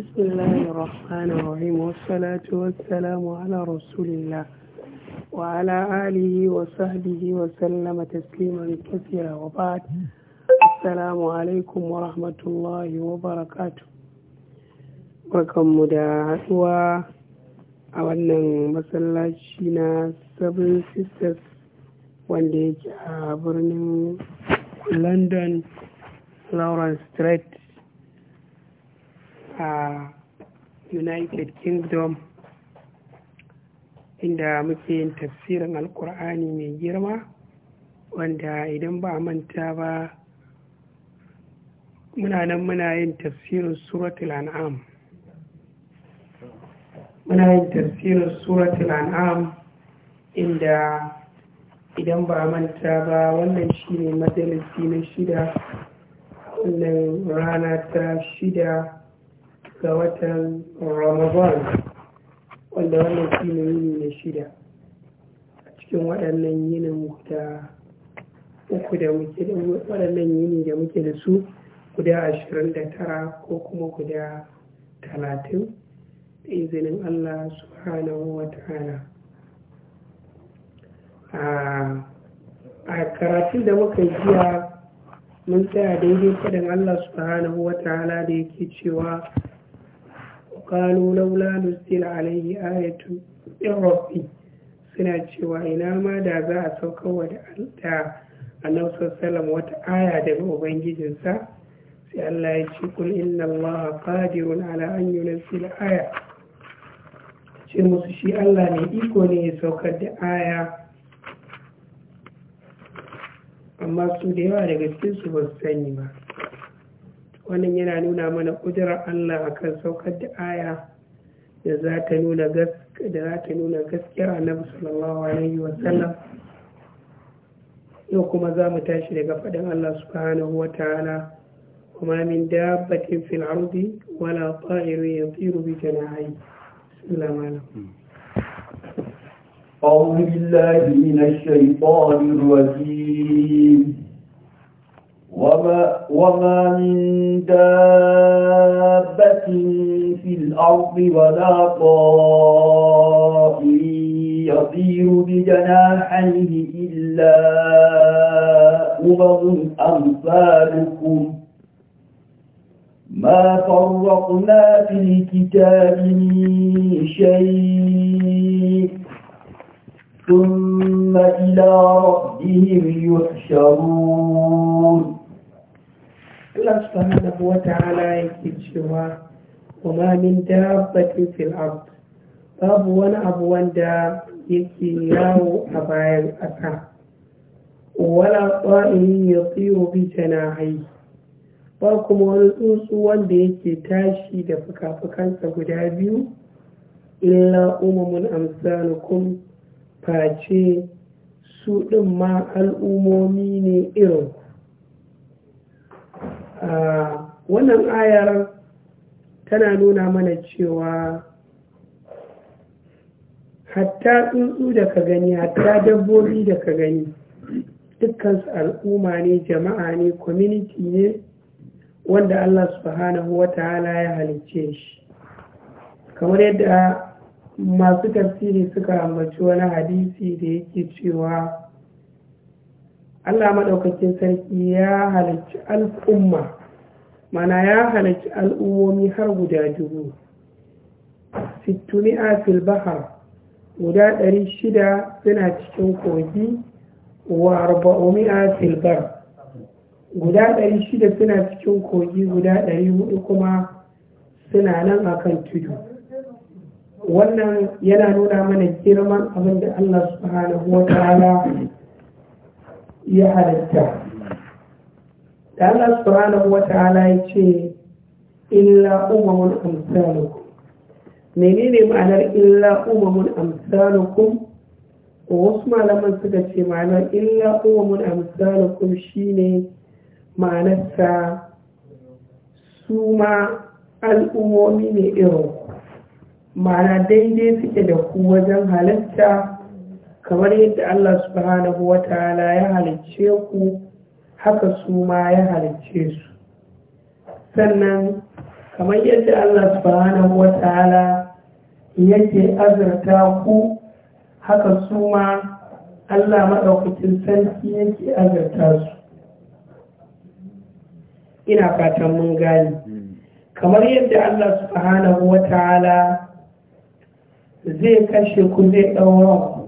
بسم الله الرحمن الرحيم والصلاة والسلام على رسول الله وعلى آله وصحبه وسلم تسليما كثيرا وبعد السلام عليكم ورحمة الله وبركاته barkanmu da haɗuwa a wannan masallaci na seven sisters wanda yake a birnin london lawrence street a united kingdom inda muke yin tafsirin alkur'ani mai girma wanda idan ba manta ba muna nan muna yin tafsirin suratul an'am muna yin tafsirin suratul an'am inda idan ba manta ba wannan shine majalisi na shida wannan rana ta shida ga watan ramadan wanda wannan shi ne yini na shida a cikin waɗannan yinin guda uku da muke da waɗannan yini da muke da su guda ashirin da tara ko kuma guda talatin da izinin allah subhanahu wa ta'ala a karatun da muka jiya mun tsaya daidai faɗin allah subhanahu wa ta'ala da yake cewa qalu laula nuzila alaihi ayatu min rabbi suna cewa ina ma da za a saukar wa da annabi sallam wata aya daga ubangijinsa sai Allah ya ce kul inna allaha qadirun ala an yunzila aya ce shi Allah ne iko ne ya saukar da aya amma su da yawa daga cikin su ba su sani ba wannan yana nuna mana kudurar Allah akan saukar da aya da za ta nuna gaskiyar annabi sallallahu alaihi wasallam yau kuma za mu tashi daga fadin Allah subhanahu wa ta'ala وما من دابة في الأرض ولا طائر يطير بجناحيه السلام عليكم أعوذ بالله من الشيطان الرجيم وما, وما من دابة في الأرض ولا طائر يطير بجناحيه إلا أمم أمثالكم ما فرقنا في الكتاب شيء ثم إلى ربهم يحشرون Allah subhanahu wa ta'ala yake cewa wa ma min dabbatin fil ard babu wani abu wanda yake yawo a bayan ƙasa wala ta'in yatiru bi janahi ba kuma wani tsuntsu wanda yake tashi da fuka-fukansa guda biyu illa umamun amsalukum face su ɗin ma al'umomi ne irin wannan ayar tana nuna mana cewa hatta tsuntsu da ka gani hatta dabbobi da ka gani dukkansu al'umma ne jama'a ne community ne wanda Allah subhanahu wa ta'ala ya halicce shi kamar yadda masu tafsiri suka ambaci wani hadisi da yake cewa Allah maɗaukakin sarki ya halarci al'umma mana ya halarci al'ummomi har guda dubu sittuni a filbahar guda ɗari shida suna cikin kogi wa arba'umi a filbar guda ɗari shida suna cikin kogi guda ɗari hudu kuma suna nan a kan tudu wannan yana nuna mana girman abin da Allah subhanahu wa ta'ala ya halitta da Allah subhanahu wata'ala ya ce illa umamun amsalukum menene ma'anar illa umamun amsalukum wasu malaman suka ce ma'anar illa umamun amsalukum shine ma'anarsa su ma al'ummomi ne irin ma'ana daidai suke da ku wajen halitta kamar yadda Allah subhanahu wa ta'ala ya halicce ku haka su ma ya halicce su sannan kamar yadda Allah subhanahu wa ta'ala yake azurta ku haka su ma Allah maɗaukacin sarki yake azurta su ina fatan mun gani kamar yadda Allah subhanahu wa ta'ala zai kashe ku zai ɗaura ku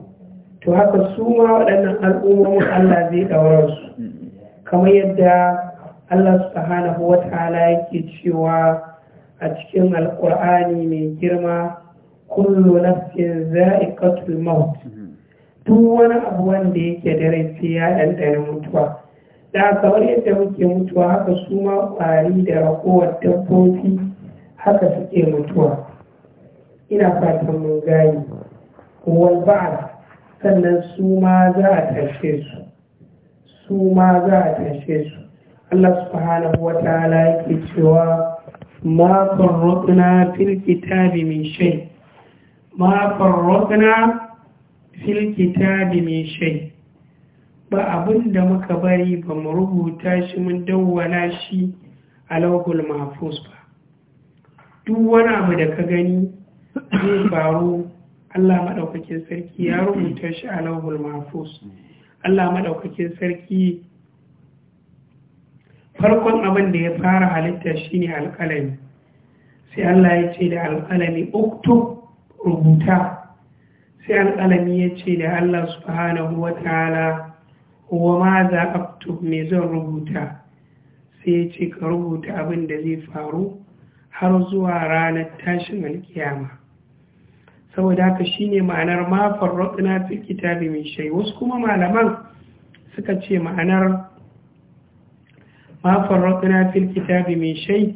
to haka su ma waɗannan al'ummomin Allah zai ɗaura su kamar yadda Allah su ta ta'ala yake cewa a cikin alƙur'ani mai girma kullu nafsin za'iqatul maut duk wani abu wanda yake da rai sai ya ɗanɗana mutuwa da kamar yadda muke mutuwa haka su ma ƙwari da ragowar dabbobi haka suke mutuwa ina fatan mun gane wal ba'd sannan su ma za a tashe su su ma za a tashe su Allah subhanahu wa ta'ala yake cewa ma farraqna fil kitabi min shay ma fil kitabi min shay ba abin muka bari ba mu rubuta shi mun dawwala shi a lauhul mahfuz ba duk wani abu da ka gani zai faru Allah maɗaukakin sarki ya rubuta shi a lauhul mahfuz Allah maɗaukakin sarki farkon abin da ya fara halitta shine alƙalami sai Allah ya ce da alƙalami uktub rubuta sai alƙalami ya ce da Allah subhanahu wa ta'ala wa ma za aktub me zan rubuta sai ya ce ka rubuta abin da zai faru har zuwa ranar tashin alkiyama saboda haka shine ma'anar ma farraqna fi kitabi min shay wasu kuma malaman suka ce ma'anar ma farraqna fi kitabi min shay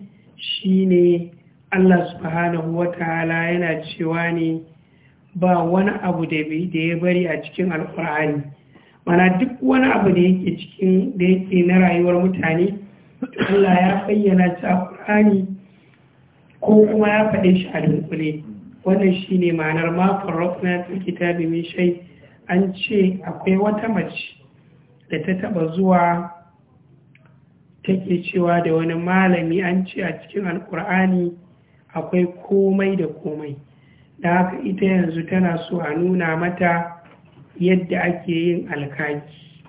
shine Allah subhanahu wataala yana cewa ne ba wani abu da ya bari a cikin alkur'ani mana duk wani abu da yake cikin da yake na rayuwar mutane Allah ya bayyana ta alkur'ani ko kuma ya faɗe shi a dunkule wannan shi ne ma'anar ma farrafna fil kitabi mai shai. an ce akwai wata mace da ta taba zuwa take cewa da wani malami an ce a cikin alkur'ani akwai komai da komai da haka ita yanzu tana so a nuna mata yadda ake yin alkaki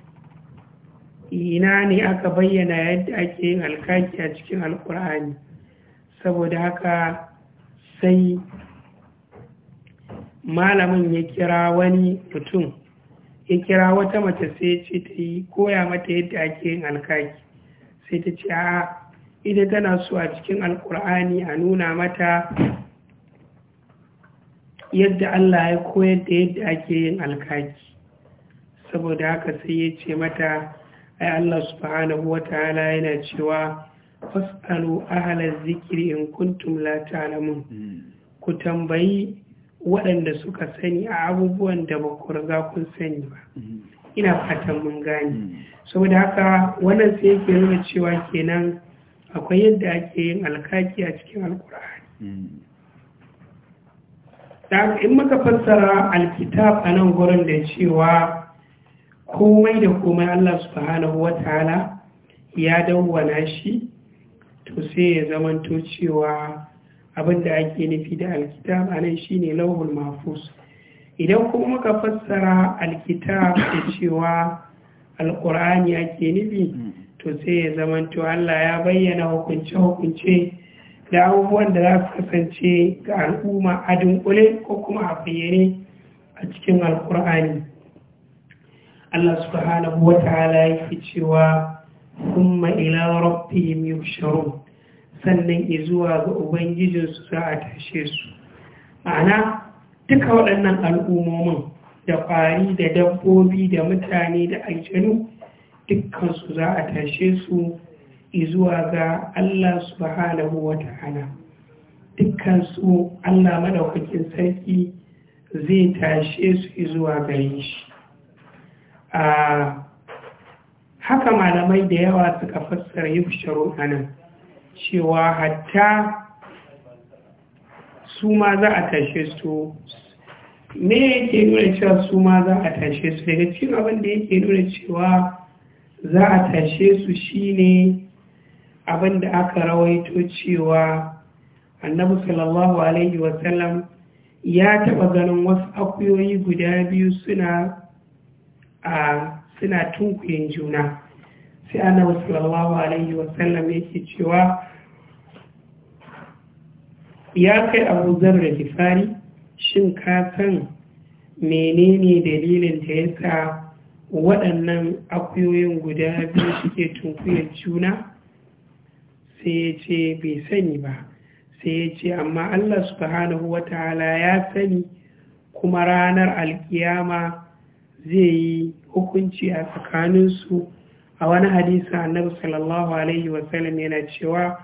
ina ne aka bayyana yadda ake yin alkaki a cikin alkur'ani saboda haka sai malamin ya kira wani mutum ya kira wata mace sai ce ta yi koya mata yadda ake yin alkaki sai ta ce a ita tana so a cikin alkur'ani a nuna mata yadda Allah ya koyar da yadda ake yin alkaki saboda haka sai ya ce mata ai Allah subhanahu wa ta'ala yana cewa fas'alu ahla zikiri in kuntum la ta'lamun hmm. ku tambayi waɗanda suka sani a abubuwan da ba ku riga kun sani ba mm-hmm. ina fatan mun gane mm-hmm. saboda haka wannan sai yake nuna cewa kenan akwai yadda ake yin alkaki a cikin alkur'ani mm-hmm. da in maka fassara alkitab a nan gurin da cewa komai da komai Allah subhanahu ta'ala ya dawwana shi to sai ya zamanto cewa abin da ake nufi da alkitab a nan shine lauhul mafus idan kuma muka fassara alkitab da cewa alkur'ani ake nufi to sai ya to Allah ya bayyana hukunce-hukunce da abubuwan da za su kasance ga al'umma a dunkule ko kuma a bayyane a cikin alkur'ani Allah subhanahu wa ta'ala yake cewa kuma ila rabbihim yusharun sannan izuwa ga ubangijinsu za a tashe su ma'ana duka waɗannan al'ummomin da ƙwari da dabbobi da mutane da aljanu dukkansu za a tashe su izuwa ga Allah subhanahu wa ta'ala dukkansu Allah maɗaukakin sarki zai tashe su izuwa gare shi ah, haka malamai da yawa suka fassara yi fusharu a cewa hatta su ma za a tashe su me yake nuna cewa su ma za a tashe su daga cikin abin da yake nuna cewa za a tashe su shine abin da aka rawaito cewa annabi sallallahu alaihi wasallam ya taɓa ganin wasu akuyoyi guda biyu suna a suna tunkuyin juna sai annabi sallallahu alaihi wasallam yake cewa ya kai abu da kifari shin ka san menene dalilin da ya sa waɗannan akuyoyin guda biyu suke tunkuyar juna sai ya ce bai sani ba sai ya ce amma allah subhanahu wa ta'ala ya sani kuma ranar alkiyama zai yi hukunci a tsakaninsu a wani hadisa annabi sallallahu alaihi wasallam yana cewa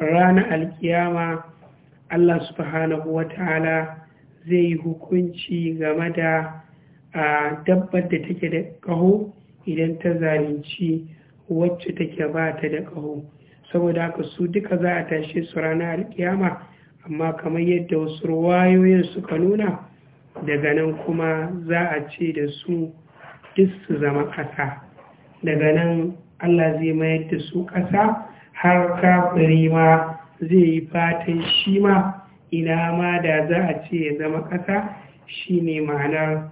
ranar alkiyama Allah subhanahu wa ta'ala zai yi hukunci game da a dabbar da take da ƙaho idan ta zalunci wacce take ba ta da ƙaho saboda haka su duka za a tashe su ranar ƙiyama, amma kamar yadda wasu ruwayoyin suka nuna daga nan kuma za a ce da su duk su zama ƙasa daga nan allah zai mayar da su ƙasa har kafiri zai yi fatan shi ma ina ma da za a ce ya zama ƙasa shi ne ma'anar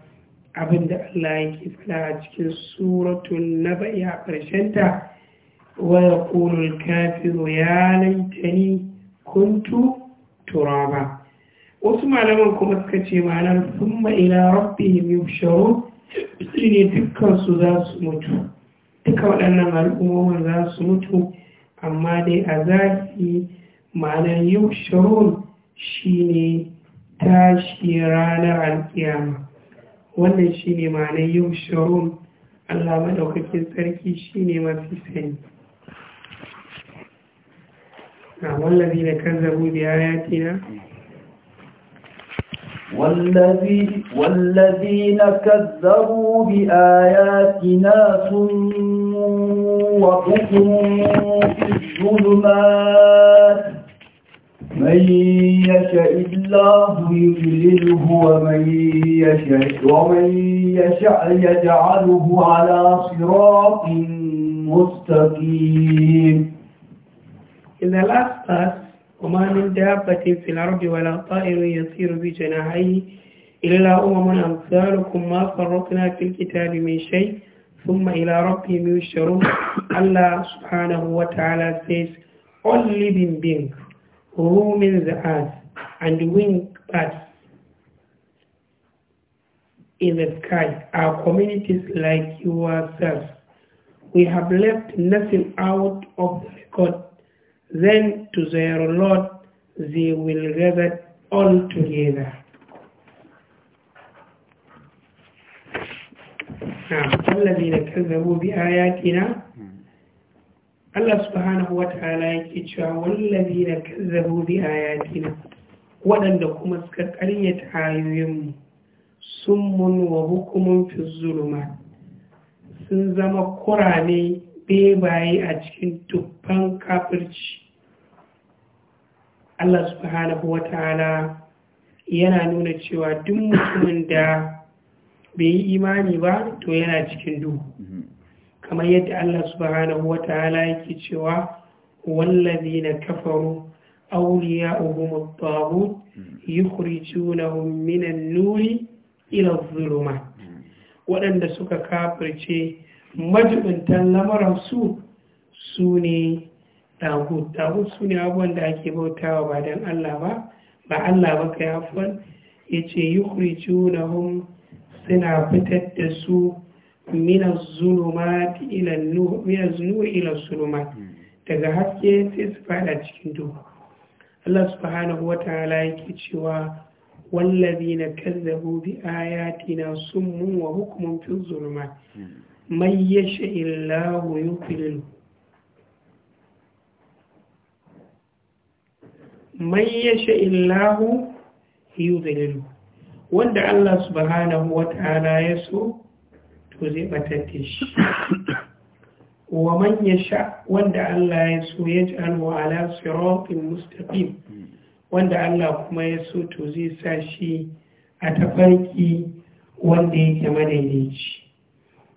abinda Allah Allah ke fada a cikin suratun na ba'i a ƙarshenta waya ƙunar kafiru ya ni kuntu turaba wasu malaman kuma suka ce ma'anar summa ila yau sharo, su ne dukkansu za su mutu duka waɗannan al'ummomin za su mutu amma dai a zahiri ma'anar yau shirun ne tashi ranar alkiyama wannan ne ma'anar yau shirun allah maɗaukakin sarki ne mafi sani na wallazi da kan zabu biya ya tina والذي والذين كذبوا بآياتنا سم وبكم في الظلمات من يشاء الله يجلله ومن يشاء ومن يشاء يجعله على صراط مستقيم In the last وما من دابة في الأرض ولا طائر يصير بجناحيه إلا أمم أمثالكم ما فرقنا في الكتاب من شيء ثم إلى ربهم يشرون Allah subhanahu wa ta'ala says all living beings roaming the earth and winged birds in the sky our communities like yourselves. We have left nothing out of the record. Then to their Lord they will gather all together. نعم الذين كذبوا بآياتنا Allah subhanahu wa ta'ala yake cewa wallazi na kazzabu bi ayatina waɗanda kuma suka ƙaryata sun summun wa hukumun fi sun zama kurame bebaye a cikin tuffan kafirci Allah subhanahu wa ta'ala yana nuna cewa duk mutumin da bai yi imani ba to yana cikin duhu mm-hmm. kamar yadda Allah subhanahu wa ta'ala yake cewa wallazina kafaru awliya'uhum at-taghut yukhrijunahum min minan nuri ila adh waɗanda suka kafirce majibintan lamararsu su ne tagut tagut su ne abubuwan da ake bautawa ba don Allah ba ba Allah ba kai afwan yace yukhrijunahum suna fitar da su min az-zulumat ila an min az ila az hmm. daga haske sai su fada cikin duhu Allah subhanahu wataala yake cewa wallazina kazzabu bi ayatina summun wa hukmun fi az-zulumat hmm. man yasha illahu yudlil man yasha illahu yudlil wanda Allah subhanahu wataala ya so to zai batar shi wa man yasha wanda Allah ya so ya ja'alhu ala siratin mustaqim wanda Allah kuma ya so to zai sa shi a tafarki wanda yake madaidaici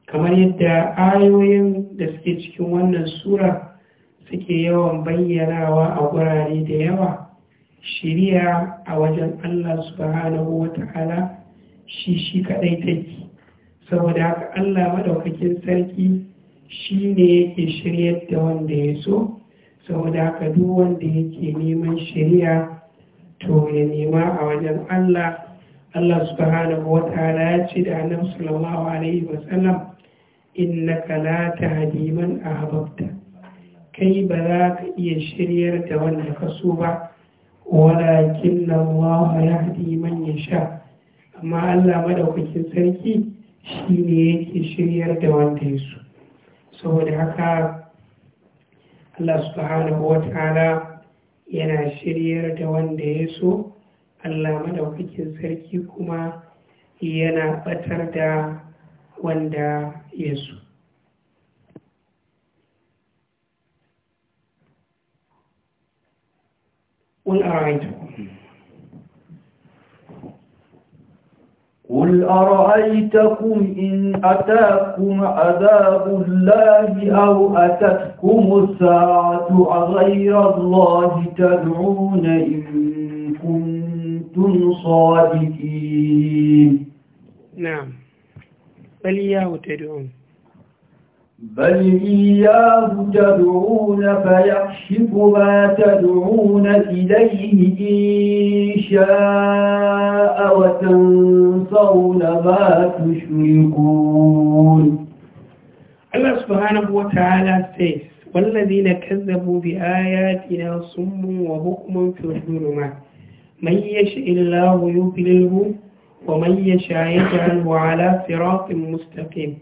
kamar yadda ayoyin da suke cikin wannan sura suke yawan bayyanawa a gurare da yawa shiriya a wajen Allah subhanahu wa ta'ala shi shi kadai take saboda haka Allah madaukakin sarki shi ne yake shiryar da wanda ya so saboda haka duk wanda yake neman shirya to ya nema a wajen Allah Allah subhanahu wa ta'ala ya ce da annabi sallallahu alaihi wa sallam innaka la tahdi man ahbabta kai ba za ka iya shiryar da wanda ka so ba walakin Allah yahdi man yasha amma Allah madaukakin sarki shi ne yake shiryar da wanda ya so saboda haka Allah subhanahu wa ta'ala yana shiryar da wanda ya so Allah madaukakin sarki kuma yana batar da wanda ya so قل أرأيتكم قل أرأيتكم إن أتاكم عذاب الله أو أتتكم الساعة أغير الله تدعون إن كنتم صادقين نعم بل إياه تدعون بل إياه تدعون فيكشف ما تدعون إليه إن شاء وتنصرون ما تشركون الله سبحانه وتعالى says والذين كذبوا بآياتنا صم وبكم في الظلمات من يشاء الله يضلله ومن يشاء يجعله على صراط مستقيم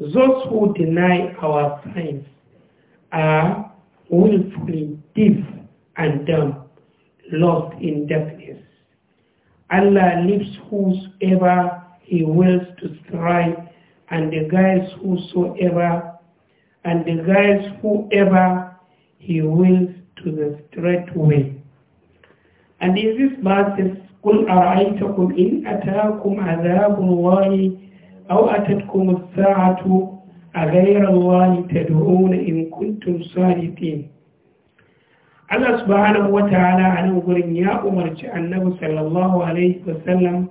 Those who deny our signs are willfully deaf and dumb, lost in darkness. Allah leaves whosoever he wills to strive and the guides whosoever and the guides whoever he wills to the straight way. And in this verse, قل أرأيتكم إن أتاكم عذاب الله أو أتتكم الساعة أغير الله تدعون إن كنتم صادقين Allah subhanahu wa ta'ala a nan gurin ya umarci annabi sallallahu alaihi wasallam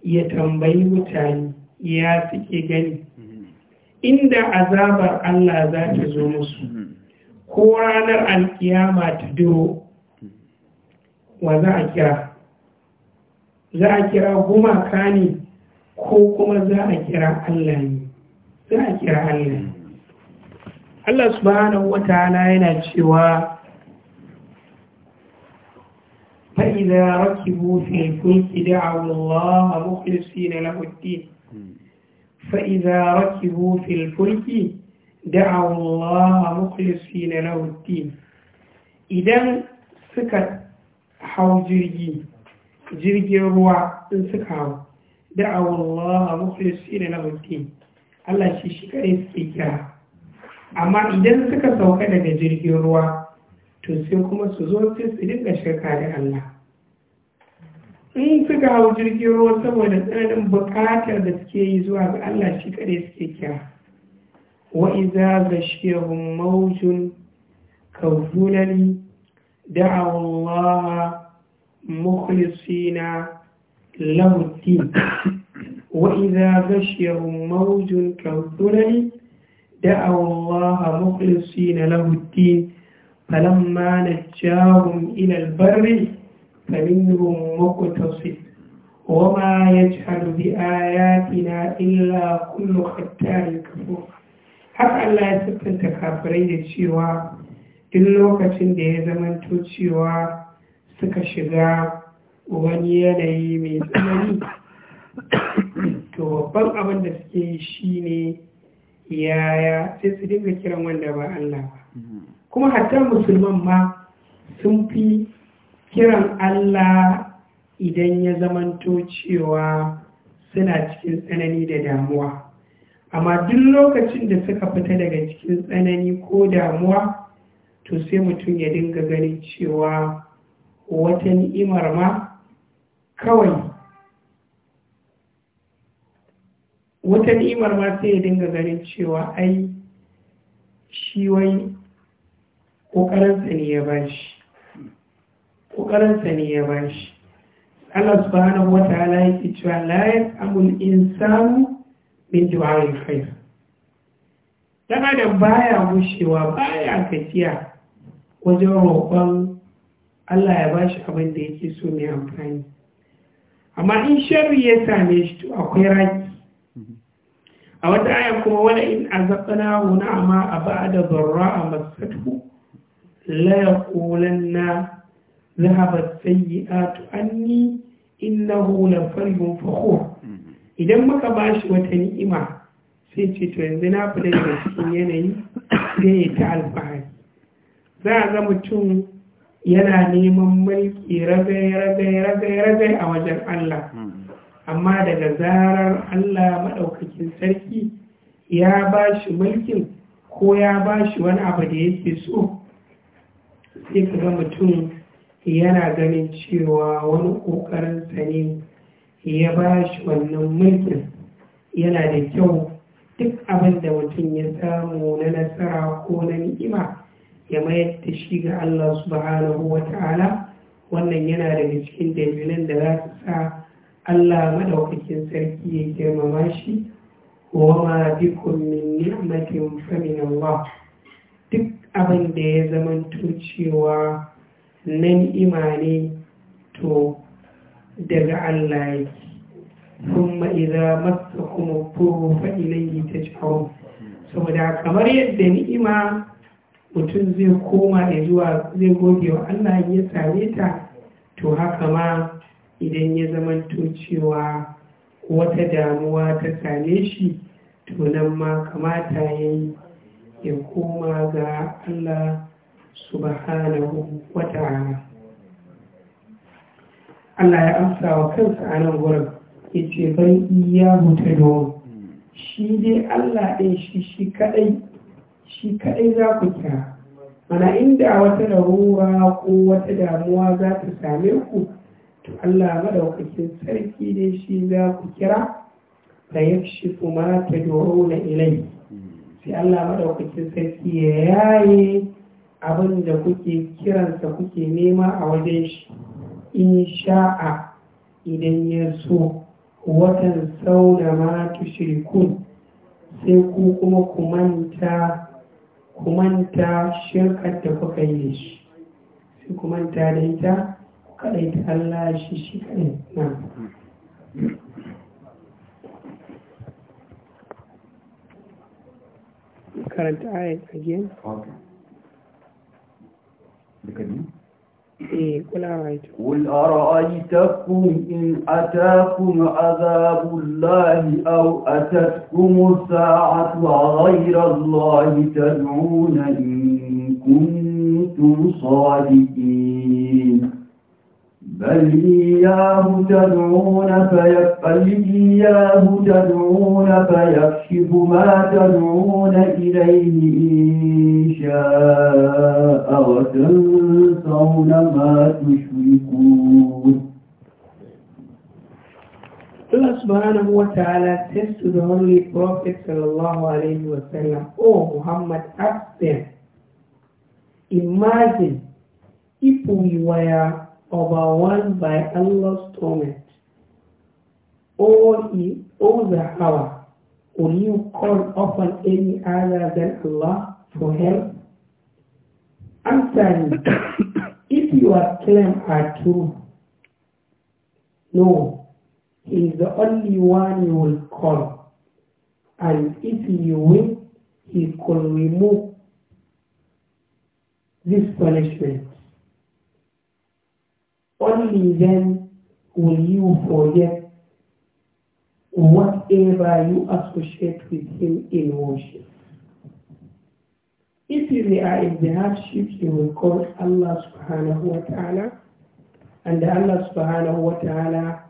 ya tambayi mutane ya suke gani inda azabar Allah za ta zo musu ko ranar alkiyama ta duro wa za a kira za a kira gumaka ne ko kuma za a kira Allah ne za a kira Allah ne Allah subhanahu wa ta'ala yana cewa fa idza rakibu fil fulki da'u Allah mukhlisina lahu ad-din fa idza rakibu fil fulki da'u Allah mukhlisina lahu ad-din idan suka hau jirgin ruwa in suka hau da'awa Allah mukhlisina ne na din Allah shi shi kare suke kira amma idan suka sauka daga jirgin ruwa to sai kuma su zo sai su dinga shirka da Allah in suka hau jirgin ruwa saboda tsananin bukatar da suke yi zuwa ga Allah shi kare suke kira wa iza gashiyahum mawjun kawzulali da'awa Allah mukhlisina له الدين وإذا غشيهم موج كالظلل دعوا الله مخلصين له الدين فلما نجاهم إلى البر فمنهم مقتصد وما يجحد بآياتنا إلا كل ختار كفور har Allah ya siffanta kafirai da cewa duk lokacin da ya zamanto cewa suka shiga wani yanayi mai tsanani to babban abin da suke yi shine yaya sai su dinga kiran wanda ba Allah ba kuma hatta musulman ma sun fi kiran Allah idan ya zamanto cewa suna cikin tsanani da damuwa amma duk lokacin da suka fita daga cikin tsanani ko damuwa to sai mutum ya dinga ganin cewa wata ni'imar ma kawai wata ni'imar ma sai ya dinga ganin cewa ai shi wai ƙoƙarinsa ne ya bashi shi. ne ya bashi Allah subhanahu wa ta'ala cewa la yas'amul insanu min du'a'il khair dan adam baya gushewa baya gajiya wajen roƙon Allah ya bashi abin da yake so mai amfani amma in sharri ya same shi to akwai raki a wata aya kuma wala in azaqna na'ama abada dharra'a masathu la yaqulanna dhahabat sayyi'atu anni innahu la farihun fakhur idan muka shi wata ni'ima sai ce to yanzu na fita daga cikin yanayi sai ya ta alfahari za a ga mutum yana neman mulki rabe-rabe-rabe-rabe a wajen Allah hmm. amma daga zarar Allah maɗaukakin sarki ya ba shi mulkin ko ya ba shi wani abu da yake so sai ka ga mutum yana ganin cewa wani ƙoƙarinsa ne ya ba shi wannan mulkin yana da kyau duk abin da mutum ya samu na nasara ko na ni'ima ya mayar da shi ga Allah subhanahu wa ta'ala wannan yana daga cikin dalilan da za su sa Allah maɗaukakin sarki ya girmama shi wa ma bikum min ni'matin fa Allah duk abin da ya zama cewa na ni'ima ne to daga Allah ya yake kuma إذا مسكم ta فإليه تجأرون saboda kamar yadda ni'ima mutum zai koma da zuwa zai gobe wa Allah ya same ta to haka ma idan ya zama cewa wata damuwa ta same shi to nan ma kamata ya yi ya koma ga Allah subhanahu wa ta'ala Allah ya amsa wa kansa a nan gurin ya ce ban iya ta shi dai Allah ɗin shi shi kaɗai shi kaɗai za ku kira mana inda wata larura ko wata damuwa za ta same ku to Allah madaukakin sarki ne shi za ku kira ya fi kuma ta doro na ilai sai Allah madaukakin sarki ya yaye abin da kuke kiransa kuke nema a wajen shi in sha'a idan ya so watan sauna ma tushirikun sai ku kuma ku manta kumanta shirkar da kuka yi da shi sai kumanta da ita ku ita Allah shi shi kaɗai na karanta ayat again okay. إيه، قل أرأيتكم قل أرأيتكم إن أتاكم عذاب الله أو أتتكم الساعة غير الله تدعون إن كنتم صادقين بل إياه تدعون بل إياه تدعون فيكشف ما تدعون إليه إن شاء وتنسون ما تشركون Allah subhanahu wa ta'ala says to the Holy Prophet sallallahu alayhi wa sallam, O oh, Muhammad, ask them, imagine if you are overwhelmed by Allah's torment. All, he, all the hour, will you call upon any other than Allah for help? you, if your claims are true, no, he is the only one you will call. And if you win, he could remove this punishment. Only then will you forget whatever you associate with him in worship. If you are in the hardships, you will call Allah subhanahu wa ta'ala. And Allah subhanahu wa ta'ala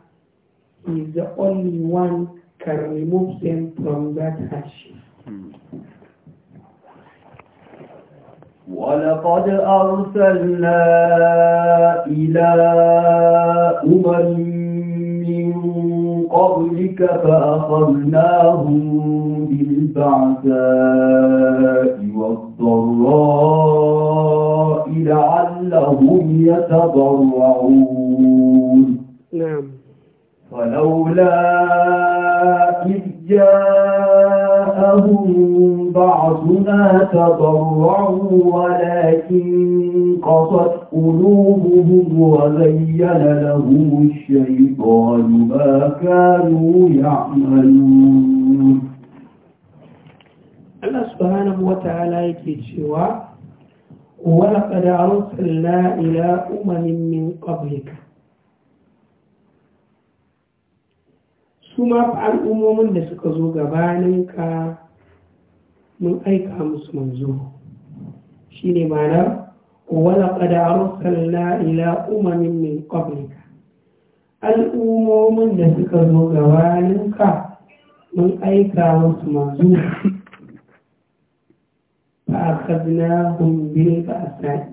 is the only one can remove them from that hardship. Hmm. ولقد أرسلنا إلى أمم من قبلك فأخذناهم بالبعثاء والضراء لعلهم يتضرعون نعم فلولا إذ جاءهم بعضنا تضرعوا ولكن قصت قلوبهم وزين لهم الشيطان ما كانوا يعملون الله سبحانه وتعالى يكتشوا ولقد أرسلنا إلى أمم من قبلك su ma al'ummomin da suka zo gabaninka mun aika musu manzo shi ne mana walaƙad arsalna ila umamin min qablika al'umomin da suka zo gabaninka mun aika musu manzo fa bil ba'sa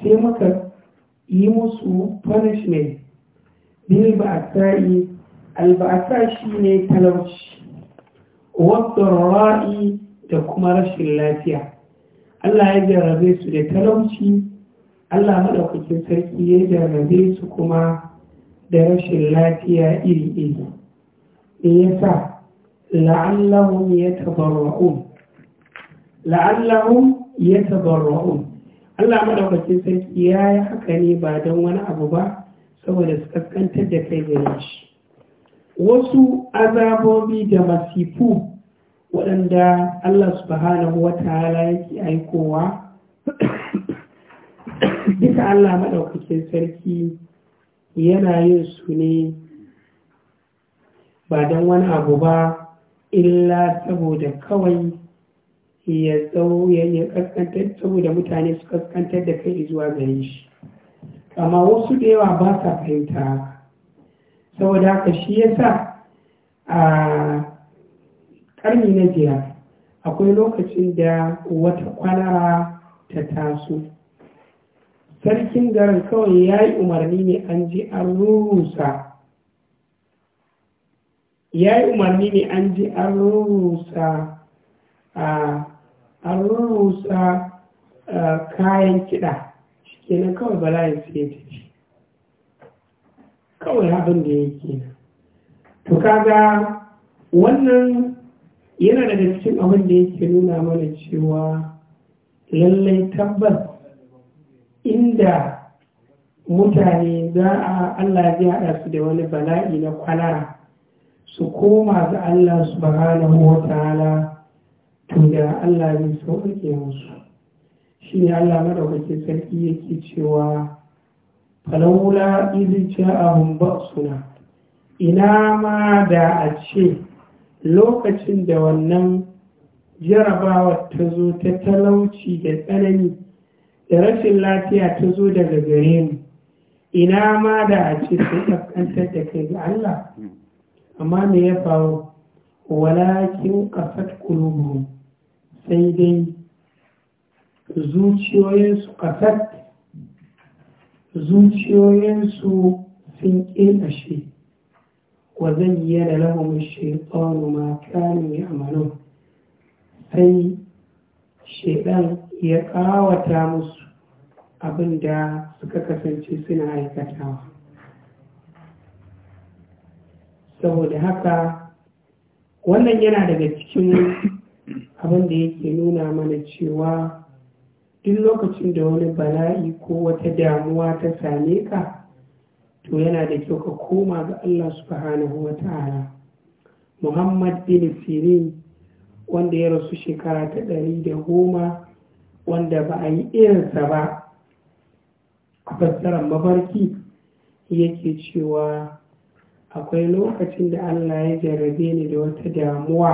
sai muka yi musu punishment bil ba'sa al ba'sa shine talauci wadda da kuma rashin lafiya Allah ya jarrabe su da talauci Allah maɗaukakin sarki ya jarrabe su kuma da rashin lafiya iri-iri me ya tabarra'un la'allahun ya tabarra'un Allah maɗaukakin sarki ya yi haka ne ba don wani abu ba saboda su kaskantar da kai gare shi wasu azabobi da masifu waɗanda Allah subhanahu wa ta'ala yake aikowa duka Allah maɗaukakin sarki yana yin su ne ba don wani abu ba illa saboda kawai ya ya kaskantar saboda mutane su kaskantar da kai zuwa gare shi amma wasu da yawa ba sa fahimta saboda haka shi yasa a karni na jiya akwai lokacin da wata kwanara ta taso sarkin garin kawai ya yi umarni ne an ji an rurusa ya yi umarni ne an ji an an rurusa kayan kiɗa shi kenan kawai ya sai ya shi. kawai abin da yake to kaga wannan yana daga cikin abin da yake nuna mana cewa lallai tabbas inda mutane za a Allah ya haɗa su da wani bala'i na kwalara su koma ga Allah ba hana ta'ala tun da Allah zai sauƙaƙe musu shi ne Allah maɗaukake sarki yake cewa falaula izi ja'ahum ba'suna ina ma da a ce lokacin da wannan jarabawar ta zo ta talauci da tsanani da rashin lafiya ta zo daga gare mu ina ma da a ce sai kaskantar da kai ga Allah amma me ya faru walakin kafat kulubu sai dai zuciyoyinsu kafat zuciyoyinsu sun shi wa zayyana lahum shaytanu ma kanu ya'malun sai shaidan ya ƙawata musu abin da suka kasance suna aikatawa saboda haka wannan yana daga cikin abin da yake nuna mana cewa duk lokacin da wani bala'i ko wata damuwa ta same ka to yana da kyau ka koma ga Allah subhanahu wa ta'ala Muhammad bin Sirin wanda ya rasu shekara ta ɗari da goma wanda ba a yi irinsa ba a fassarar mafarki yake cewa akwai lokacin da Allah ya jarrabe ni da wata damuwa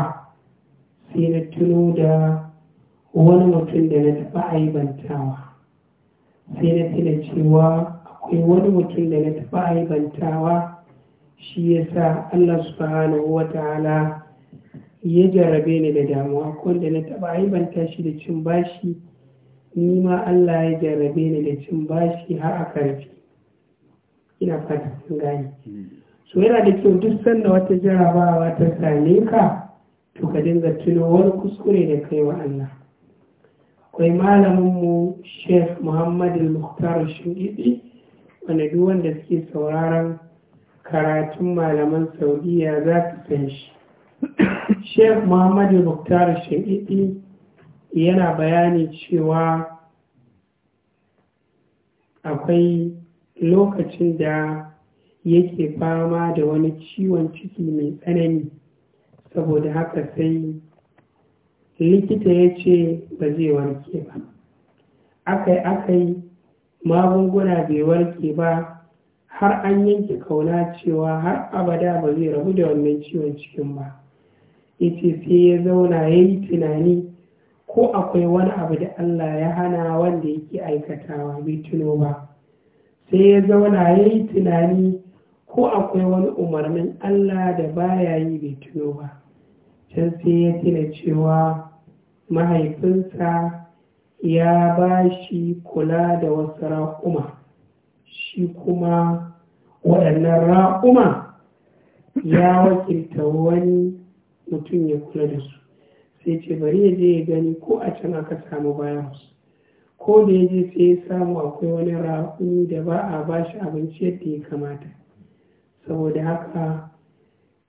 sai na tuno da wani mutum da na taɓa aibantawa sai na tuna cewa akwai wani mutum da na taɓa aibantawa shi ya sa Allah subhanahu wa ta'ala ya jarabe ni da damuwa da na taɓa aibanta shi da cin bashi ni ma Allah ya jarabe ni da cin bashi har a karfi ina fata sun gane so yana da kyau duk sanda wata jarabawa ta same ka to ka dinga tuno wani kuskure da kai wa Allah akwai malaminmu sheikh muhammadu mukhtar shingidi wanda duk wanda suke sauraron karatun malaman saudiya za su san shi sheikh muhammadu Muktar shingidi yana bayani cewa akwai lokacin da yake fama da wani ciwon ciki mai tsanani saboda haka sai likita ya ce ba zai warke ba akai akai magunguna bai warke ba har an yanke kauna cewa har abada ba zai rabu da wannan ciwon cikin ba Ita sai ya zauna ya yi tunani ko akwai wani abu da Allah ya hana wanda yake aikatawa bai tuno ba sai ya zauna ya yi tunani ko akwai wani umarnin Allah da baya yi bai tuno ba can sai ya tuna cewa mahaifinsa ya ba shi kula da wasu raƙuma shi kuma waɗannan raƙuma ya wakilta wani mutum ya kula da su sai ce bari ya je ya gani ko a can aka samu bayan su ko da ya je sai ya samu akwai wani raƙumi da ba a ba shi abinci yadda ya kamata saboda haka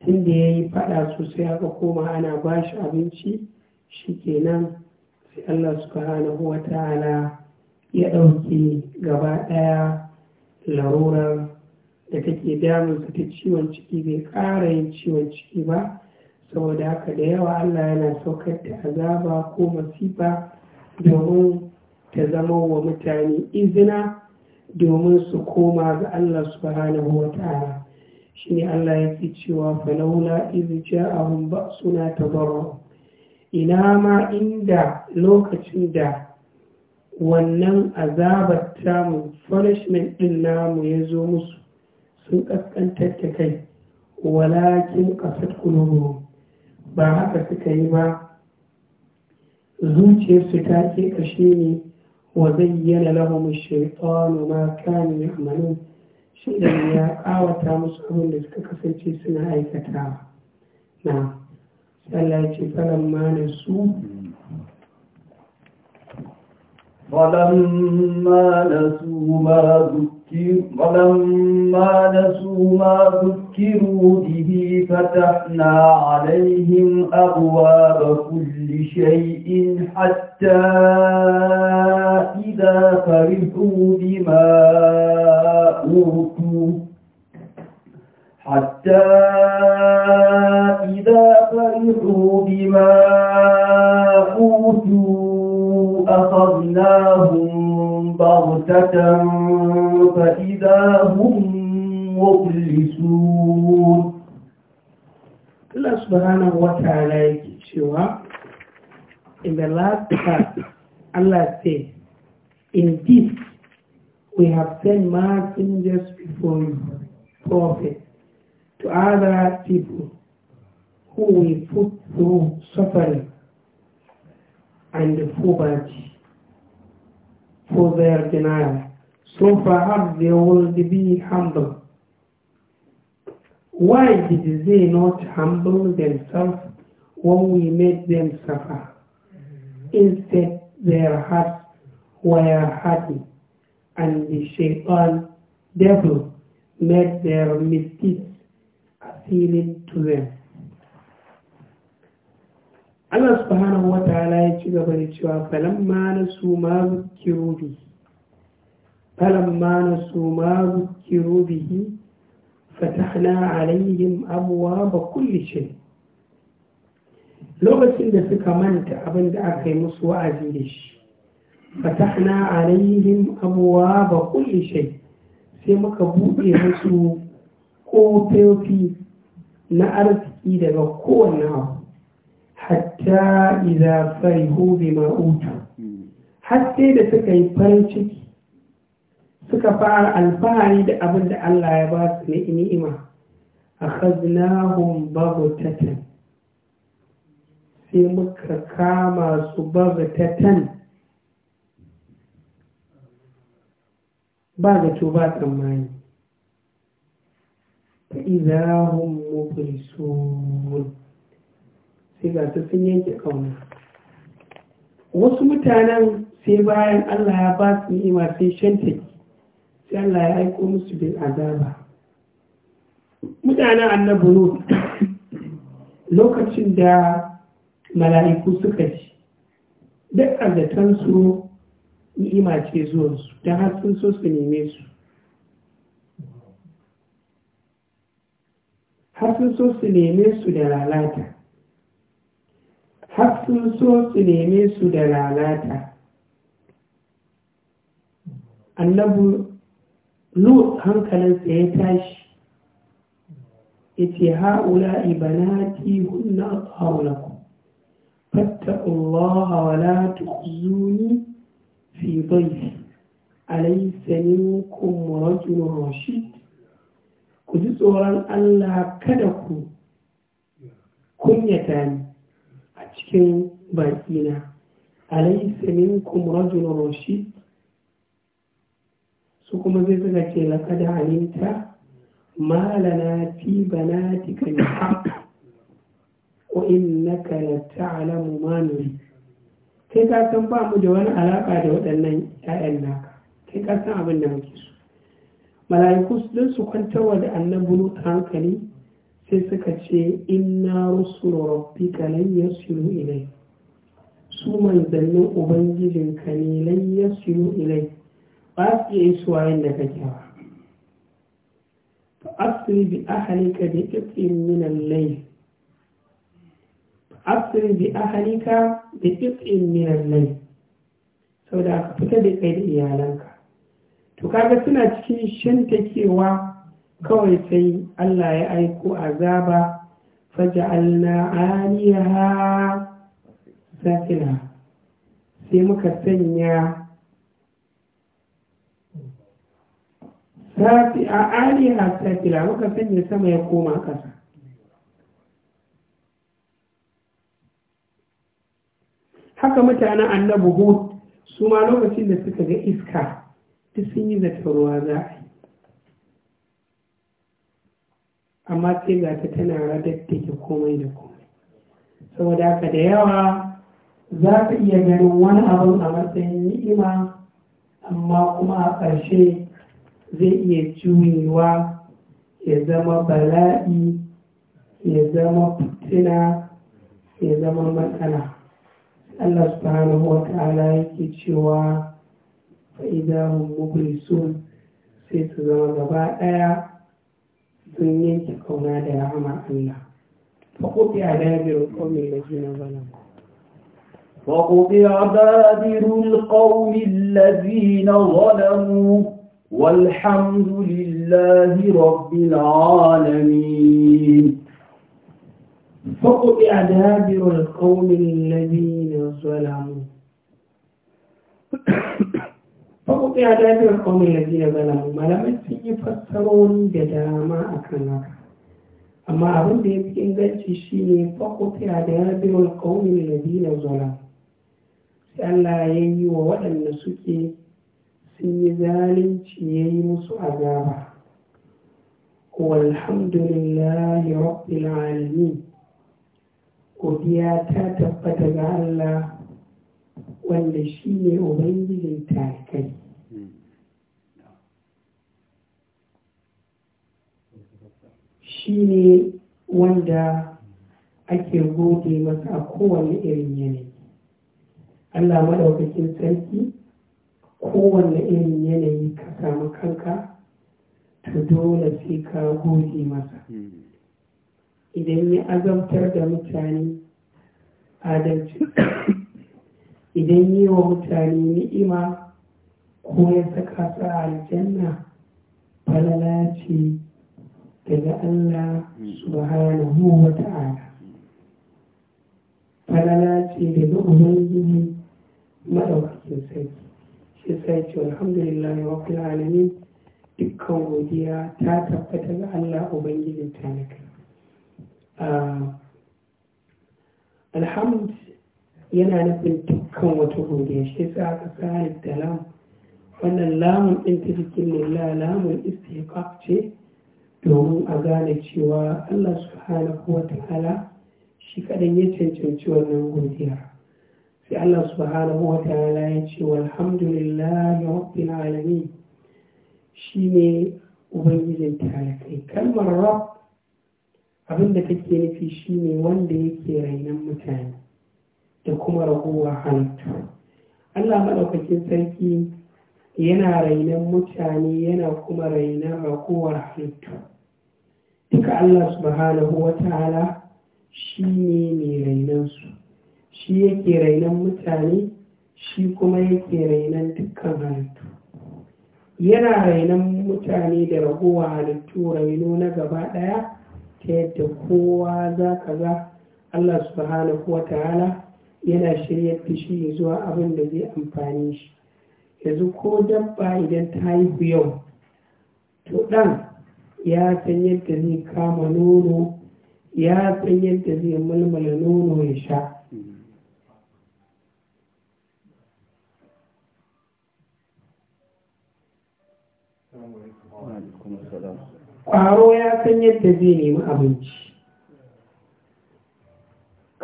tun da ya yi faɗa sosai aka koma ana ba shi abinci shi kenan sai Allah subhanahu wa ta'ala ya ɗauki gaba ɗaya larurar da take damunsa ta ciwon ciki bai ƙara yin ciwon ciki ba saboda haka da yawa Allah yana saukar da azaba ko masifa domin ta zama wa mutane izina domin su koma ga Allah subhanahu wa ta'ala ne Allah ya fi cewa falaula ba ja'ahum ba'suna baro. ina ma inda lokacin da wannan azabar tamu punishment ɗin namu ya zo musu sun ƙasƙantar da kai walakin ƙasar kulubu ba haka suka yi ba zuciyarsu ta ke kashe ne wa zayyana lahum shaytanu ma kanu ya'malun shi ya ƙawata musu abin da suka kasance suna aikata na Allah فلما نسوا ولما نسوا ما ذكروا به فتحنا عليهم أبواب كل شيء حتى إذا فرحوا بما أوتوا حتى إذا أحيطوا بما أوتوا أخذناهم بغتة فإذا هم مبلسون Allah subhanahu wa ta'ala yake cewa in the last part Allah said indeed we have sent messengers before you prophets to other people who we put through suffering and poverty for their denial. So perhaps they will be humble. Why did they not humble themselves when we made them suffer? Instead, their hearts were hardened, and the shaitan, devil, made their mistakes appealing to them. Allah subhanahu wa ta'ala ya ci gaba da cewa falamma nasu ma zukiru bihi falamma nasu ma zukiru bihi fatahna alaihim abuwa ba kulli shay lokacin da suka manta abin da aka yi musu wa'azi da shi fatahna alaihim abuwa ba kulli shay sai muka buɗe musu kofofi na arziki daga kowanne abu hatta idza farihu bima utu hatta da suka yi farin ciki suka fara alfahari da abin da Allah ya ba su na ni'ima akhadnahum baghtatan sai muka kama su baghtatan ba zato ba tsammani fa idza hum mublisun sai sun yanke kauna wasu mutanen sai bayan Allah ya ba su ni'ima sai shantaki sai Allah ya aiko musu bin azaba mutanen annabu lokacin da mala'iku suka ci duk arzatansu ni'ima ce zuwansu don har sun so su neme su har sun so su neme su da lalata sun so su neme su da lalata annabu lut hankalinsa ya tashi ya ce ha'ula ibanati hunna atahulaku fattaqullaha wa la tukhzuni fi dhayfi alaysa minkum rashid ku ji tsoron Allah kada ku kunyata ni cikin bakina alaysa kuma rajulun roshi su kuma zai zaga ce laqad alimta ma na fi bana min haqq wa innaka la ta'lamu ma nurid kai ka san ba mu da wani alaka da waɗannan 'ya'yan naka kai ka san abin da muke so mala'iku don su wa da annabu hankali sai suka ce inna rusulu rabbika lan yasilu ilai su ubangijin ka ne lan yasilu ilai ba su iya isuwa yadda kake ba bi فأسر بأهلك Ba من bi ahalika da بقطع من الليل sau da aka fita da kai da iyalanka to kaga suna cikin shan takewa kawai sai Allah ya aiko azaba alna aliha safina sai muka sanya safi a aliha muka sanya sama ya koma ƙasa haka mutanen Annabu hud su ma lokacin da suka ga iska duk sun yi zata ruwa za a yi amma sai ga ta tana radaddake komai da komai saboda haka da yawa za ka iya ganin wani abin a matsayin ni'ima amma kuma a ƙarshe zai iya juyewa ya zama bala'i ya zama fitina ya zama matsala Allah subhanahu wa ta'ala yake cewa fa'iza hum sai su zama gaba ɗaya sun yanke kauna da rahama فقطع دابر القوم الذين ظلموا فقطع دابر القوم الذين ظلموا والحمد لله رب العالمين فقطع دابر القوم الذين ظلموا Bakwai ya dafi da kawai malamai sun yi fassaroni da dama a kan haka. Amma abin da ya fi inganci shi ne bakwai ya dafi da kawai yanzu Sai Allah ya yi wa waɗanda suke sun yi zalunci ya yi musu azaba. Walhamdulillahi Rabbil Alamin. Godiya ta tabbata ga Allah wanda shi ne ubangijin tarikai shi ne wanda ake gode masa a kowane irin yanayi allah maɗaukakin sarki kowane irin yanayi ka samu kanka ta dole sai ka gode masa idan ya azabtar da mutane adalci idan yi wa mutane ni'ima ko ya saka su a aljanna falala ce daga Allah subhanahu wa ta'ala falala ce daga ubangiji maɗaukakin sarki shi sai ce alhamdulillah wa alamin dukkan godiya ta tabbata ga Allah ubangijin ta na ah, alhamdulillah yana nufin dukkan wata gobe shi sa aka tsari da lamu wannan lamun ɗin ta jikin lalla lamun istiqaf ce domin a gane cewa Allah subhanahu wa ta'ala shi kaɗan ya cancanci wannan godiya sai Allah subhanahu wa ta'ala ya ce walhamdulillah ya rabbil shi shine ubangijin talakai kalmar rock abinda take nufi shi ne wanda yake rainan mutane da kuma rahuwa halittu allah maɗaukakin sarki yana rainan mutane yana kuma rainan ragowar halittu duka allah subhanahu wa ta'ala shi ne mai su. shi yake rainan mutane shi kuma yake rainan dukkan halittu yana rainan mutane da ragowa halittu raino na gaba ɗaya ta yadda kowa za ka za allah subhanahu wa ta'ala yana shirya da shi zuwa abin da zai amfani shi yanzu ko dabba idan ta haihu yau to ɗan ya san yadda zai kama nono ya san yadda zai mulmula nono ya sha ƙwaro ya san yadda zai nemi abinci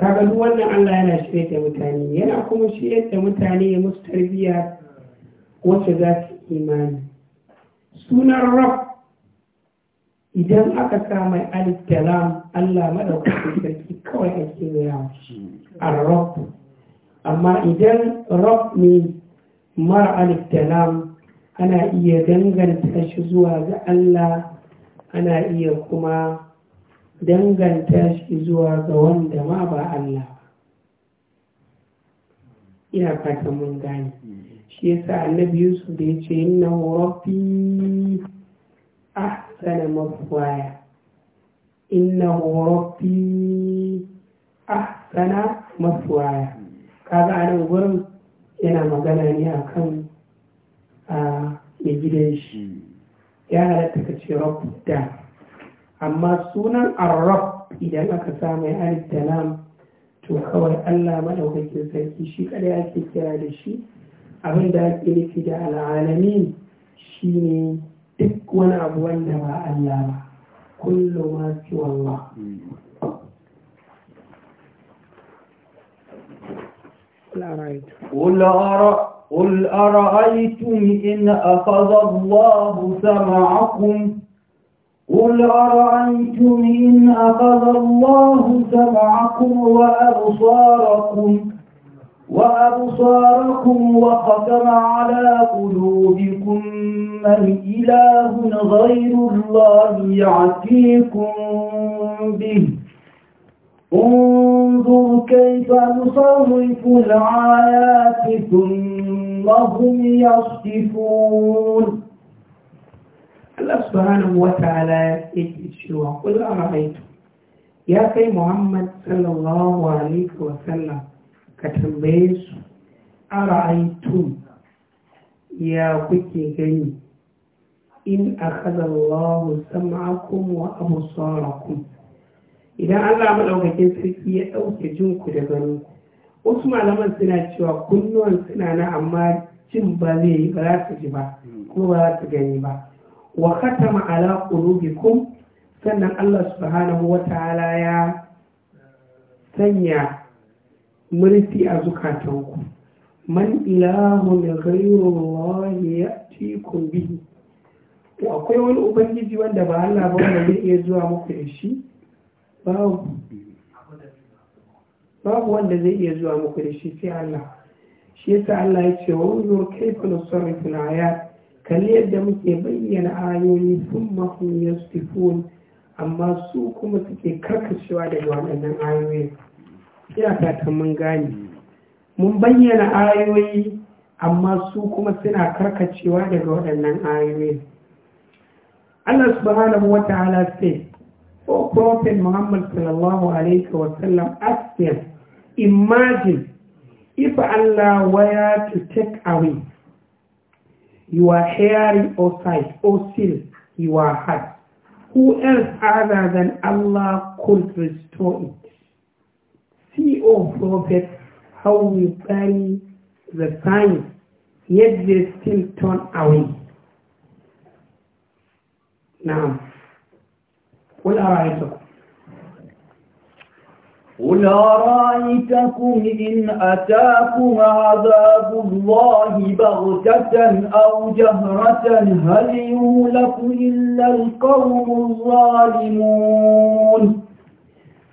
kaga duk wannan Allah yana shi da mutane yana kuma shi da mutane ya musu tarbiyya wacce za su imani sunan rab idan aka sa mai alif da lam Allah madaukakin sarki kawai ake yawa ar-rabb amma idan rab ne mara alif da ana iya danganta shi zuwa ga Allah ana iya kuma danganta shi zuwa ga wanda ma ba Allah ba ina fata mun gane shi yasa annabi Yusuf da ya ce inna rabbi ahsana mafwaya inna rabbi ahsana mafwaya kaga a nan gurin yana magana ne akan a mai gidan shi ya halatta ka ce rabbi amma sunan arab idan aka samu ya halitta lam to kawai allah maɗaukakin sarki shi kada ake kira da shi abin da ake nufi da al'alami shi ne duk wani abu wanda ba allah ba kullum ma siwa allah قل أرأيتم إن أخذ الله سمعكم قل أرأيتم إن أخذ الله سمعكم وأبصاركم وأبصاركم وختم على قلوبكم من إله غير الله يعتيكم به انظر كيف نصرف الآيات ثم هم يصفون Allah subhanahu wa ta'ala ce cewa a ara'aytu ya kai Muhammad sallallahu alaihi wa sallam ka tambaye su araaitu ya kuke gani in akhadha Allah sam'akum wa absarakum idan Allah maɗaukakin sarki ya ɗauke jinku da ganinku wasu malaman suna cewa kunnuwan suna na amma jin ba zai yi ba za su ji ba kuma ba za su gani ba wa khatama ala qulubikum sannan Allah subhanahu wa ta'ala ya sanya murfi a zukatanku man ilahu min ghayrillahi ya'tikum bihi akwai wani ubangiji wanda ba Allah ba wanda zai iya zuwa muku da shi babu babu wanda zai iya zuwa muku da shi sai Allah shi yasa Allah ya ce wa unzur kayfa nusarrifu ayat kalli yadda muke bayyana ayoyi sun mafi yastifun amma su kuma suke karkashewa daga waɗannan ayoyi ina ta mun gane mun bayyana ayoyi amma su kuma suna karkacewa daga waɗannan ayoyi Allah subhanahu wa ta'ala sai, O Prophet Muhammad sallallahu alaihi wa sallam imagine if Allah waya to take away your hearing or sight or You your heart. Who else other than Allah could restore it? See, O Prophet, how we carry the signs, yet they still turn away. Now, what are I talking قل أرأيتكم إن أتاكم عذاب الله بغتة أو جهرة هل يولك إلا القوم الظالمون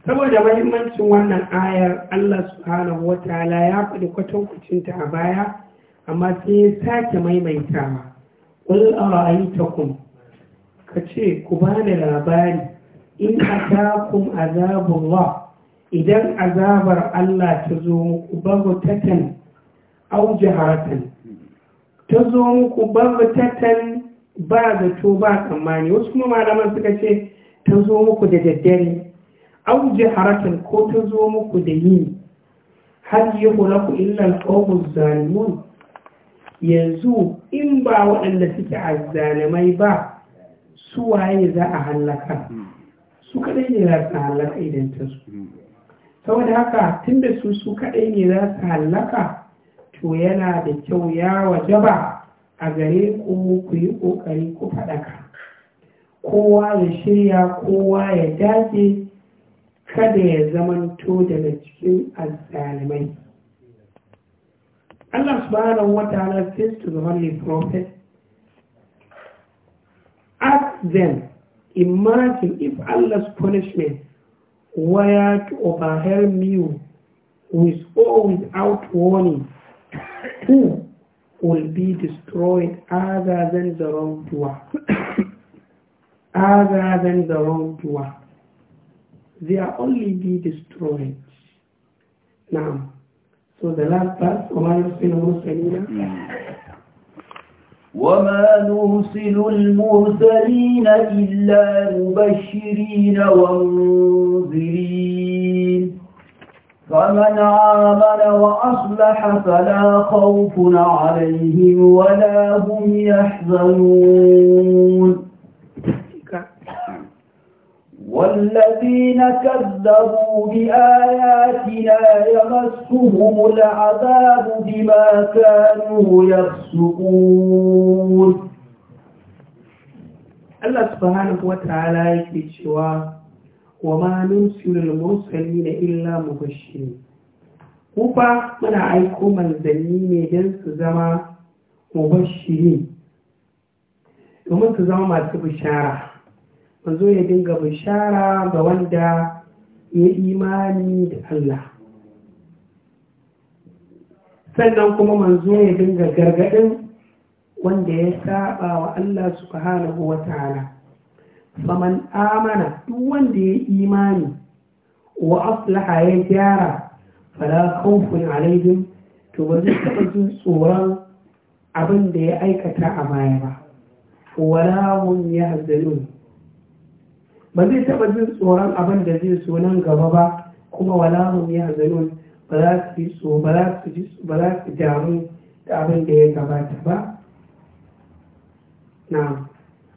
saboda mahimmancin wannan ayar Allah subhanahu wa ya faɗi kwatankwacinta a baya amma sai ya sake maimaitawa qul ara'aytakum kace ku bani labari in azabin azabullah idan azabar Allah ta zo muku Babu tatan au jaharatan ta zo muku Babu tatan ba zato ba tsammani wasu kuma malaman suka ce ta zo muku da daddare au jaharatan ko ta zo muku da yi har yi hulaku al-qawmuz zalimun yanzu in ba waɗanda suke zalimai ba su waye za a hallaka su kaɗai ne za su hallaka idan ta su saboda haka tunda su su kaɗai ne za su hallaka to yana da kyau ya waje ba a gare ku ku yi ƙoƙari ku faɗaka kowa ya shirya kowa ya dace kada ya zamanto daga cikin azalimai Allah subhanahu wata ta'ala says to the holy prophet ask them imagine if Allah's punishment were to overwhelm you with or without warning, who will be destroyed other than the wrongdoer? other than the wrongdoer. They are only be destroyed. Now, so the last verse, Omar Hussein Hussein, mm. وما نرسل المرسلين إلا مبشرين ومنذرين فمن آمن وأصلح فلا خوف عليهم ولا هم يحزنون والذين كذبوا بآياتنا يمسهم العذاب بما كانوا يفسقون الله سبحانه وتعالى يكتشوا وما نرسل المرسلين إلا مبشرين kufa muna aiko manzanni ne don su zama mubashiri domin su zama masu bishara manzo ya dinga bishara ga wanda ya imani da Allah sannan kuma manzo ya dinga gargaɗin wanda ya saba wa Allah subhanahu wa ta'ala faman amana duk wanda ya imani wa aslaha ya gyara fala khawfun alaihim to ba zai taɓa jin tsoron abin da ya aikata a baya ba wala ya yahzanun ba zai taɓa jin tsoron abin da zai so nan gaba ba kuma wala hum yahzanun ba za yi so ba za su ji ba za su damu da abin da ya gabata ba na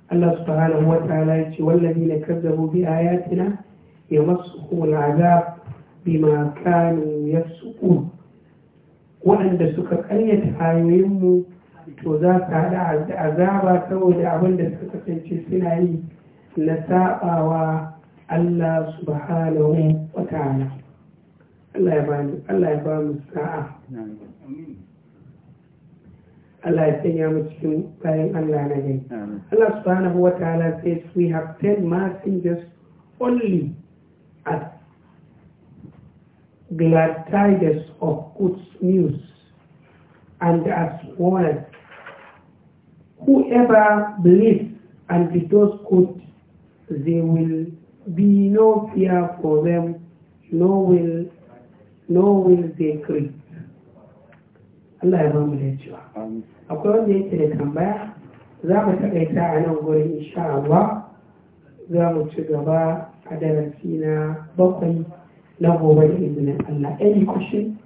Allah subhanahu wa ta'ala ya ce wallahi na kazzabu bi ayatina yamassuhum bi ma kanu ya yafsukun waɗanda suka karya hanyoyinmu to za su haɗa azaba saboda abin da suka kasance suna yi na saɓawa Allah subhanahu wa ta'ala Allah ya bani Allah ya ba mu sa'a Allah ya sanya mu cikin bayan Allah na gani Allah subhanahu wa ta'ala says we have ten messengers only at glad tidings of good news and as warned whoever believes and those good there will be no fear for them, no will, no will they creep. Allah ya ba mu cewa. Akwai wanda yake da tambaya, za mu taƙaita a nan gurin insha Allah, za mu ci gaba a darasi na bakwai na gobe da izinin Allah. Any question?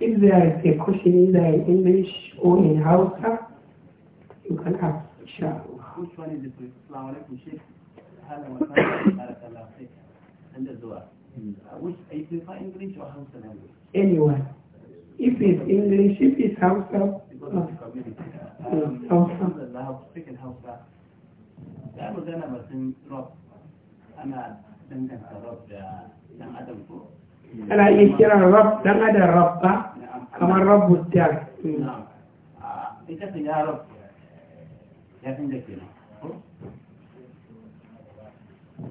If there is a question either in English or in Hausa, you can ask insha Allah. Which one is the هذا مكان قالت الله خير عند الزواج which I prefer English or Hausa language anyone if it's English if it's Hausa because of the community um, alhamdulillah I've spoken Hausa لأنه ده أنا مثلا رب أنا دندن رب دم أدم فوق أنا يصير الرب دم أدم رب كما الرب التالي نعم إذا يا رب يا عندك هنا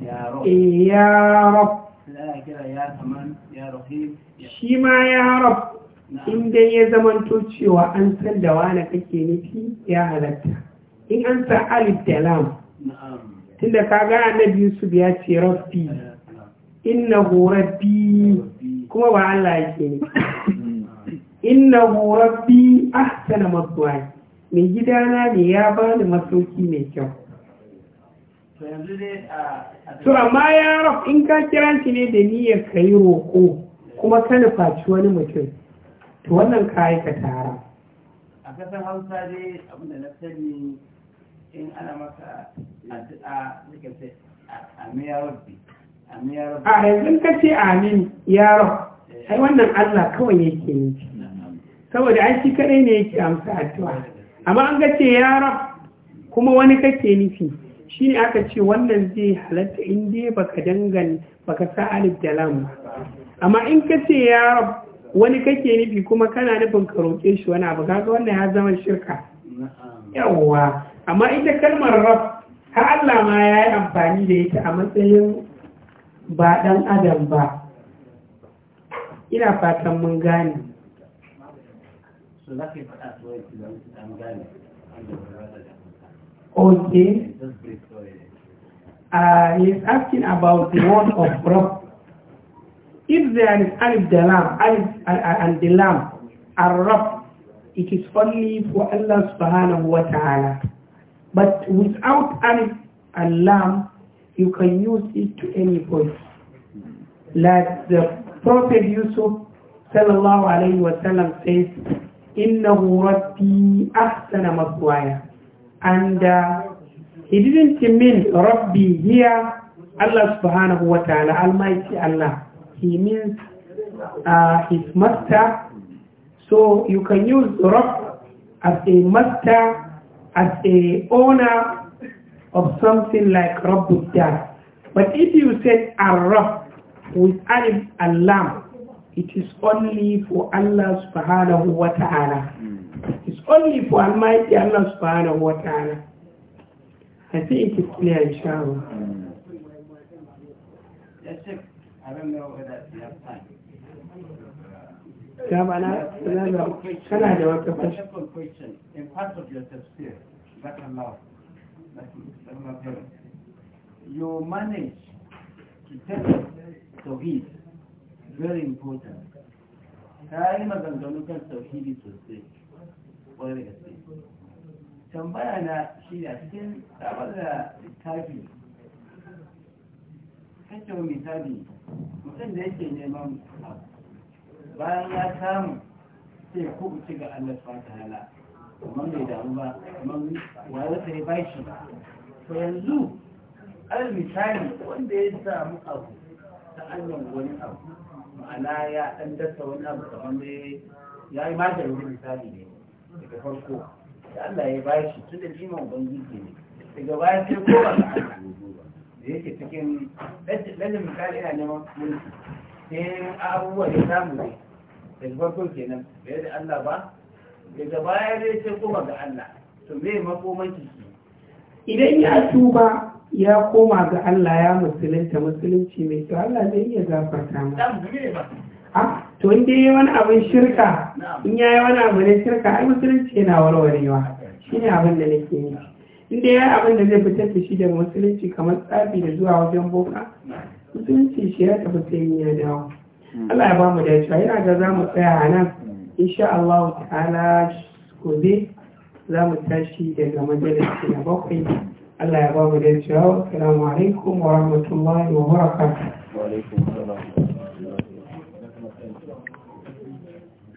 ya shi ma ya rab in dai ya zamanto cewa an san da wane kake nufi ya halatta in an san alif da lam tunda ka ga annabi Yusuf ya ce rabbi innahu rabbi kuma ba Allah ke ne innahu rabbi ahsana maswaya mai gidana ne ya bani masauki mai kyau to amma ya in ka kira shi ne da niyyar ka yi roƙo kuma ka nufaci wani mutum to wannan ka yi ka tara a kasar hausa dai da na sani in ana masa addu'a suka ce ya rabbi a yanzu ka ce amin ya raf eh. ai wannan allah kawai yake yi saboda an shi kadai ne yake amsa addu'a amma an ga ce ya raf kuma wani kake nufi shi ne aka ce wannan zai halatta in dai baka dangane baka sa alif da lam amma in ka ce ya wani kake nufi kuma kana nufin ka roƙe shi wani abu kaga wannan ya zama shirka yawwa amma ita kalmar Raf, har Allah ma ya yi amfani da ita a matsayin ba ɗan adam ba ina fatan mun gane gane Okay. Uh, is asking about the word of Rabb. If there is Alif Dalam, Alif and are Arab, it is only for Allah subhanahu wa ta'ala. But without Alif and Lam, you can use it to any voice. Like the Prophet Yusuf sallallahu alayhi wa sallam says, إِنَّهُ رَبِّي أَحْسَنَ مَطْوَيَةً and uh, he didn't mean Rabbi here, Allah subhanahu wa ta'ala, Almighty Allah. He means uh, his master. So you can use Rabb as a master, as a owner of something like Rabbul Dar. But if you said Arab with Alif and it is only for Allah subhanahu wa ta'ala only for Almighty Allah subhanahu wa ta'ala. I think it is clear, inshallah. I don't know whether you have time. Second question, in part of your tafsir, that Allah, you manage to tell Tawheed, very important. Kayan maganganu kan to sosai. kwarai da gaske tambaya na shi a cikin samar da littafi kaccewa misali mutum da yake neman bayan ya samu sai ya kubuce ga Allah ta ta'ala amma bai damu ba amma wa yi ba shi. to yanzu al misali wanda ya samu abu ta Allah wani abu ma'ana ya dan dasa wani abu kamar ya yi wani misali ne daga farko da Allah ya bashi tun da jiman bangiji ne daga baya sai ko ba da yake cikin lalle misali ina neman mulki sai abubuwa da samu ne daga farko kenan da yadda Allah ba daga baya zai sai koma ga Allah to me makomanci shi idan ya tuba ya koma ga Allah ya musulunta musulunci mai to Allah zai iya gafarta masa to inda yi wani abin shirka in ya yi wani abin shirka ai musulunci yana warwarewa shi ne abin da nake yi inda ya yi abin da zai fitar da shi da musulunci kamar tsafi da zuwa wajen boka musulunci shi ya tafi sai ya dawo hmm. Allah ya ba mu dace yana ga za mu tsaya a nan hmm. insha Allah ta'ala gobe za mu tashi daga majalisi na bakwai Allah ya ba mu dacewa assalamu alaikum wa rahmatullahi wa barakatuh